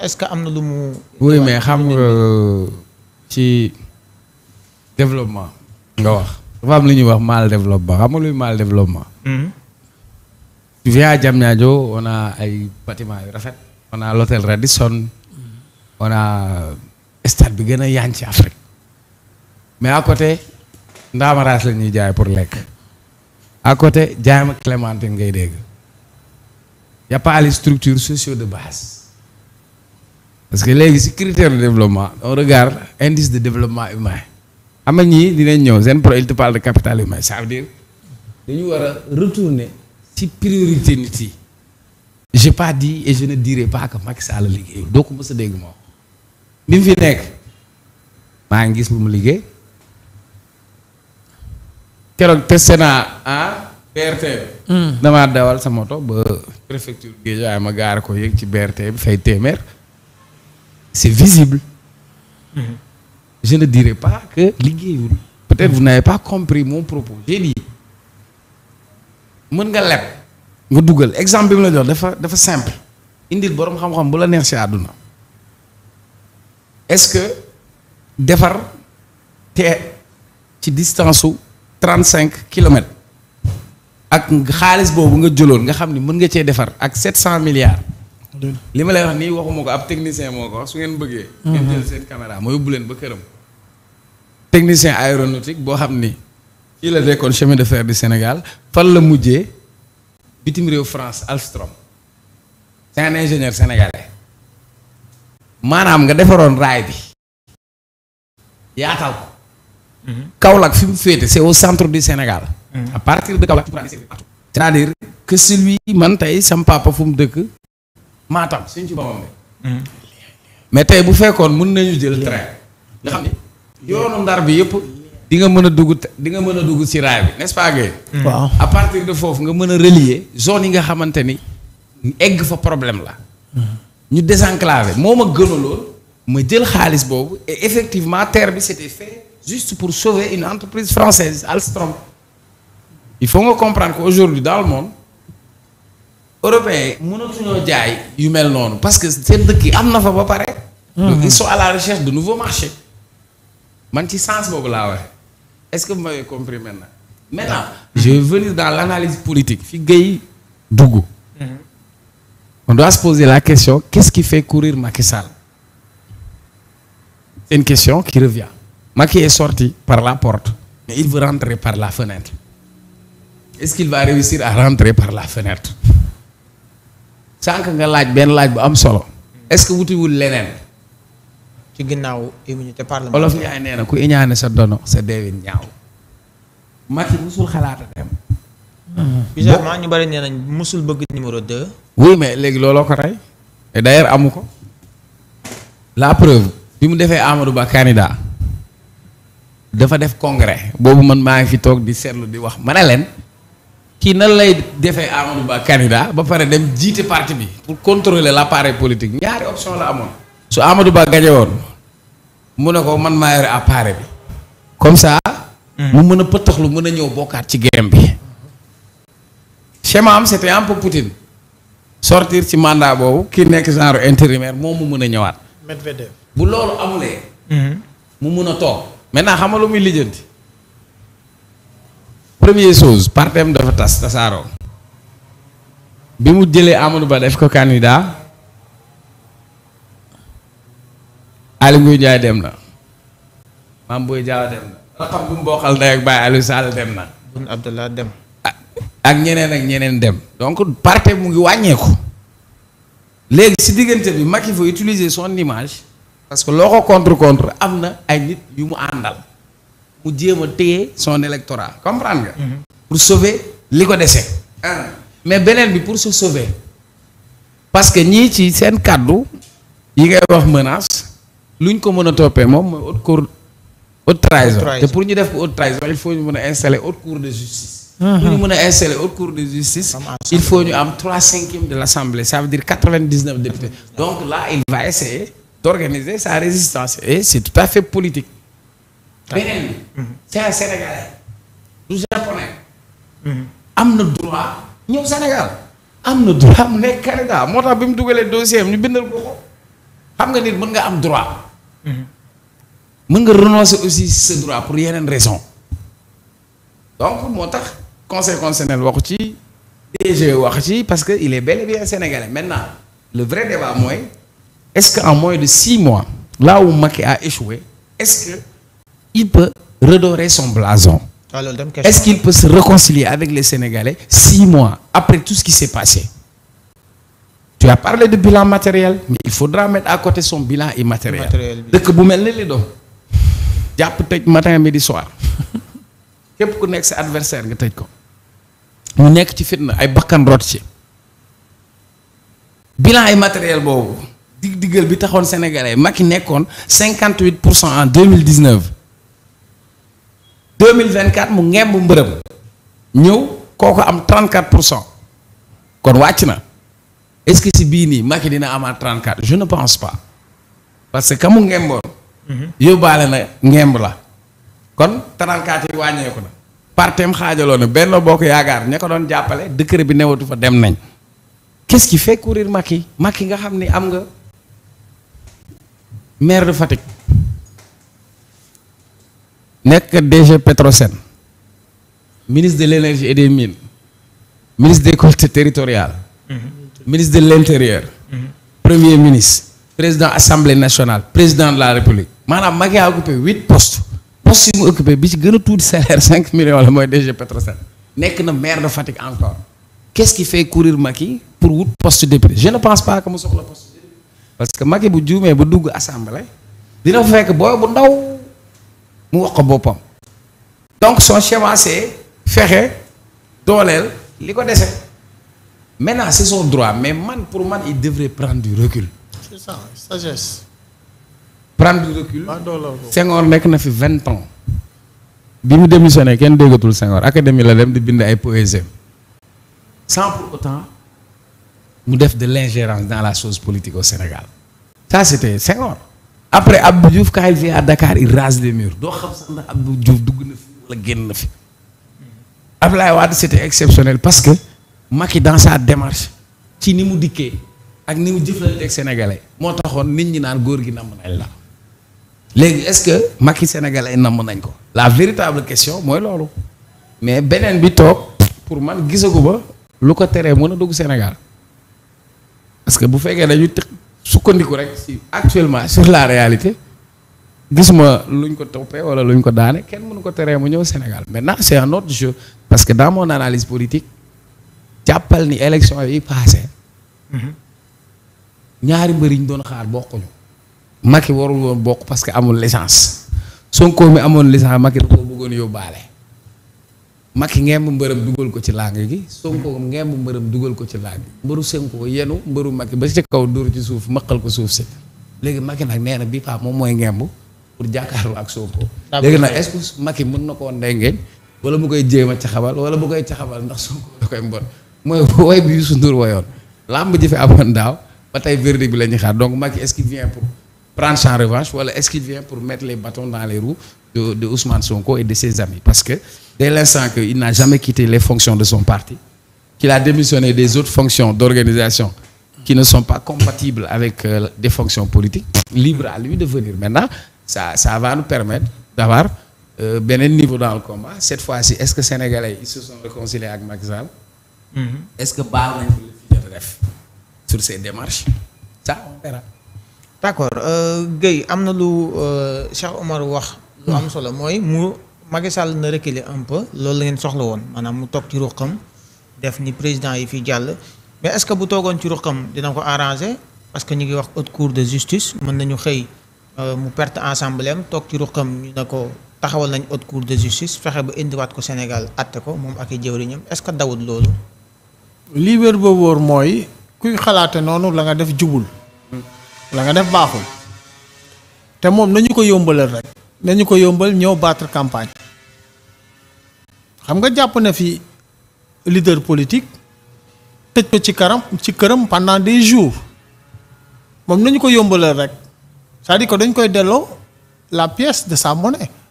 est-ce que am na lu mu. mais xam nga euh, ci développement. nga wax dafa am lu ñuy wax mal développement xam nga luy mal développement. Hmm. via Diamniadio on a ay bâtiment yu rafet. on a l'hôtel Radisson. on a euh, stade bi gën a yaañ ci Afrique. mais à côté ndaamaraas la ñuy jaay pour lekk. à côté jaay ma Clémentine ngay dégg. y a pas les sociaux de base. parce que léegi si critère de développement on regarde indice de développement humain ama ñii dinañ ñëw seen pro il te parle de capital humain ça veut dañu war a retourner ci priorité nit yi j'ai pas dit et je ne dirai pas que Macky Sall liggéeyul doo ko mës a dégg moom bi mu fi nekk maa ngi gis lu mu liggéey keroog te Sénat ah BRT bi hmm. sa moto ba préfecture Guédiawaye ma gaar ko yëg ci BRT bi fay téeméer c'est visible mm -hmm. je ne pas que liggéeyul peut-être mhm. vous n'avez pas compris mon propos j'ai dit mën nga leb nga dugal exemple bi mu la jox dafa dafa simple indil boroom xam-xam bu la neex ci àdduna est-ce que defar te ci distance su trente cinq kilomètres ak xaalis boobu nga jëloon nga xam ni mën nga cee defar ak sept cent milliards li ma lay wax nii waxuma ko ab technicien moo ko wax su ngeen bëggee. Mhm. ma yóbbu leen ba këram. technicien aéronautique boo xam ni. fii la nekkoon chemin de fer du Sénégal fan la mujjee bitim réew France Alstom. c'est maanaam nga defaroon raay bi. yaatal ko. Mhm. Kaolack fi mu féete c'est au centre du Sénégal. Mhm. à partir de Kaolack c'est-à-dire que celui man tey sam papa fu mu dëkk. Matam sëñ Tuubaa moom hmm. mais tey bu fekkoon mun nañu jël train nga xam ne yoonu ndar bi yëpp di nga mën a dugg di nga mën a dugg ci raay bi nest pas Guèye hmm. waaw à partir de foofu nga mën a relier zone yi nga xamante ni egg fa problème la hmm. ñu désenclavé moo ma gënaloon ma jël xaalis boobu et effectivement terre bi c'était fait juste pour sauver une entreprise française Alstom il faut nga comprendre qu'aujourd'hui dans le monde européens yi mënatuñoo jaay yu mel noonu parce que seen dëkki am na fa ba pare. Mhm. ils sont à la recherche de nouveaux marchés. man ci sens boobu laa waxee est-ce que vous m'avez compris maintenant. maintenant je vais venir dans l'analyse politique fi Guèye dugg. Mhm. on doit se poser la question qu'est-ce qui fait courir Macky Sall. c'est une question qui revient. Macky est sorti par la porte. mais il veut rentrer par la fenêtre. est-ce qu'il va réussir à rentrer par la fenêtre. sànq nga laaj benn laaj bu am solo est-ce que wutiwul leneen. ci ginnaaw immunité parlementaire olof Ndiaye nee na ku iñaane sa dono sa deewin ñaaw. Macky musul xalaata dem. bizarrement ñu nañ musul bëgg numéro 2. oui léegi looloo ko rey. et amu ko. la bi mu defee Amadou Ba candidat dafa def congrès boobu man maa ngi fi toog di seetlu di wax ma ne leen. kii nan lay defee Amadou Ba candidat ba pare dem jiite parti bi pour la l'appareil politique ñaari option la amoon. su Amadou Ba gañe woon mu ne ko man maa yore appareil bi comme ça. mu mën a pëtaxlu mën a ñëw bokkaat ci game bi. schéma am c'était un peu Poutine sortir ci mandat boobu kii nekk genre intérimaire moom mu mën a ñëwaat. bu loolu amulee. Mhm. mu mën a toog maintenant xam nga lu muy lijjanti. première chose partem dafa tas tasaaroo bi mu jëlee Amadou Ba def ko candidat Aly Ngouille Ndiaye dem na Mame booy Diao dem na raxam bu mu bokkal ndey ak Baye Aliou Sall dem na ah, ak ñeneen ak ñeneen dem donc partem mu ngi wàññeeku léegi si diggante bi Macky faut utiliser son image parce que loo ko contre contre am na ay nit yu mu àndal mu jéem a téye son électorat comprendre nga. Mhm. pour sauver li ko dese. Ah. mais beneen bi pour se sauver. parce que ñii ci seen kàddu yi ngay wax menace luñ ko mën a toppee moom mooy haute cour haute trahison te pour ñu def ko haute trahison il faut ñu mën a installer haute cour de justice. Mhm. pour ñu mën a installer haute cour de justice. il faut ñu am trois cinquièmes de l' assemblée ça veut dire quatre vingt dix neuf députés donc là il va essayer d' sa résistance et c' tout à fait politique. beneen bi mhm. c'est un du japonais mhm. am na droit ñëw Sénégal am na droit mu nekk Canada moo tax bi mu dugalee dossier am ñu bindal ko ko xam nga nit mën nga am droit mun mhm. nga renoncer aussi ce droit pour yeneen raison donc moo tax conseil constitutionnel waxu ci DG wax ci parce que il est bel et bien sénégalais maintenant le vrai débat mooy est-ce que en moins de six mois là où Macky a échoué est-ce que il peut redorer son blason. Est-ce qu'il peut se réconcilier avec les Sénégalais six mois après tout ce qui s'est passé Tu as parlé de bilan matériel, mais il faudra mettre à côté son bilan immatériel. dëkk bu mel ni li doon jàpp tëj matin midi soir képp ku nekk si adversaire nga tëj ko mu nekk ci fitna ay bakkan rot ci bilan immatériel boobu dig diggal bi taxoon Sénégalais Macky nekkoon cinquante pour cent en deux mille 2024 mu ngemb mbërëm ñëw kooku am 34 pour cent kon wàcc na est-ce que si bii nii Macky dina amaat 34 je ne pense pas parce que mu ngemboon. Mhm. yóbbaale na ngemb la kon 34 yi wàññeeku na. partem xaajaloo na benn boo ko yaakaar ña ko doon jàppale décret bi newatu fa dem nañ. qu'est-ce qui fait courir Macky Macky nga xam ni am nga maire de Fatick. nekk DG Petrosen ministre de l' et des mines ministre des collectivités territoriales mm-hmm. ministre de l' intérieur mm-hmm. premier ministre président assemblée nationale président de la république maanaam Macky a occupé huit postes poste yi mu occupé bi ci gën a tuuti salaire cinq millions la mooy DG Petrosen nekk na maire de Fatick encore qu'est-ce qui fait courir Macky pour wut post de je ne pense pas que mu soxla poste parce que Macky bu juumee ba dugg assemblée dina mu wax ko boppam donc son schéma c'est fexe dooleel li ko dese maintenant c'est son droit mais man pour man il devrait prendre du recul. c'est ça nekk na fi vingt ans. bi mu démissionné kenn déggatul Senghor académie la dem di bind ay poésie san pour autant mu def de l'ingérence dans la chose politique au Sénégal c'était Senghor. après Abdou Diouf quand il vient à Dakar il rase les murs doo xam sax na Abdou Diouf dugg na fi wala génn na fi Ablaye Wade c'était exceptionnel parce que Macky dans sa démarche ci ni mu dikkee ak ni mu jëflanteeg sénégalais moo taxoon nit ñi naan góor gi namm nañ la léegi est-ce que Macky sénégalais namm nañ ko la véritable question mooy loolu mais beneen bi toog pour man gisagu ba lu ko teree mën a dugg Sénégal parce bu fekkee dañu su sukkandiku rek si actuellement sur la réalité gis ma luñ ko toppee wala luñ ko daane kenn mënu ko teree mu ñëw Sénégal maintenant c'est un autre jeu parce que dans mon analyse politique jàppal ni élection yi passé ñaari mbëri ñu doon xaar bokkuñu. Macky warul woon bokk parce que amul licence Sonko mi amoon licence Macky da koo bëggoon yóbbaale. Macky ngemb mbërëm dugal ko ci laang gi Sonko ngemb mbërëm dugal ko ci laang gi mbëru Sonko yenu mbëru Macky ba ci kaw dóor ci suuf maqal ko suuf si léegi Macky nag nee na bii paa moom mooy ngemb pour jàkkaarloo ak Sonko léegi nag est-ce que mën na koo ndengeeñ wala mu koy jéem a caxabal wala mu koy caxabal ndax Sonko da koy mbon mooy woy bi Youssou Ndour woyoon làmb ji fi amoon daaw ba bi la ñuy xaar donc Macky est-ce qu'il vient pour prendre sa revanche wala est-ce qu'il vient pour mettre les bâtons dans les roues de, de Ousmane Sonko et de ses amis. Parce que dès l'instant qu'il n'a jamais quitté les fonctions de son parti, qu'il a démissionné des autres fonctions d'organisation qui ne sont pas compatibles avec euh, des fonctions politiques, libre à lui de venir. Maintenant, ça, ça va nous permettre d'avoir euh, beneen niveau dans le combat cette fois-ci est-ce que sénégalais ils se sont réconciliés ak Macky Sall. Mm que baal nañ fi jot a def d'accord euh, Guèye am na lu euh, Cheikh Omar wax lu am solo mooy mu Macky Sall na reculer un peu loolu la ngeen soxla woon maanaam mu toog ci ruqam def ni président yi fi jàll mais est que bu toogoon ci ruqam dina ko arranger parce que ñu ngi wax haute cour de justice mën nañu xëy euh, mu perte ensemble am toog ci ruqam ñu ne ko taxawal nañ haute cour de justice fexe ba indiwaat ko Sénégal atte ko moom ak i jëwriñam est-ce que dawut loolu. lii wér ba mooy kuy xalaate noonu la nga def jubul. la nga def baaxul. te moom nañu ko yombalal rek. nañu ko yombal ñëw battre campagne xam nga jàpp na fi leader politique tëj ko ci karam ci këram pendant des jours moom nañu ko yombalal rek c'est-à-dire dañ koy delloo la pièce de samoné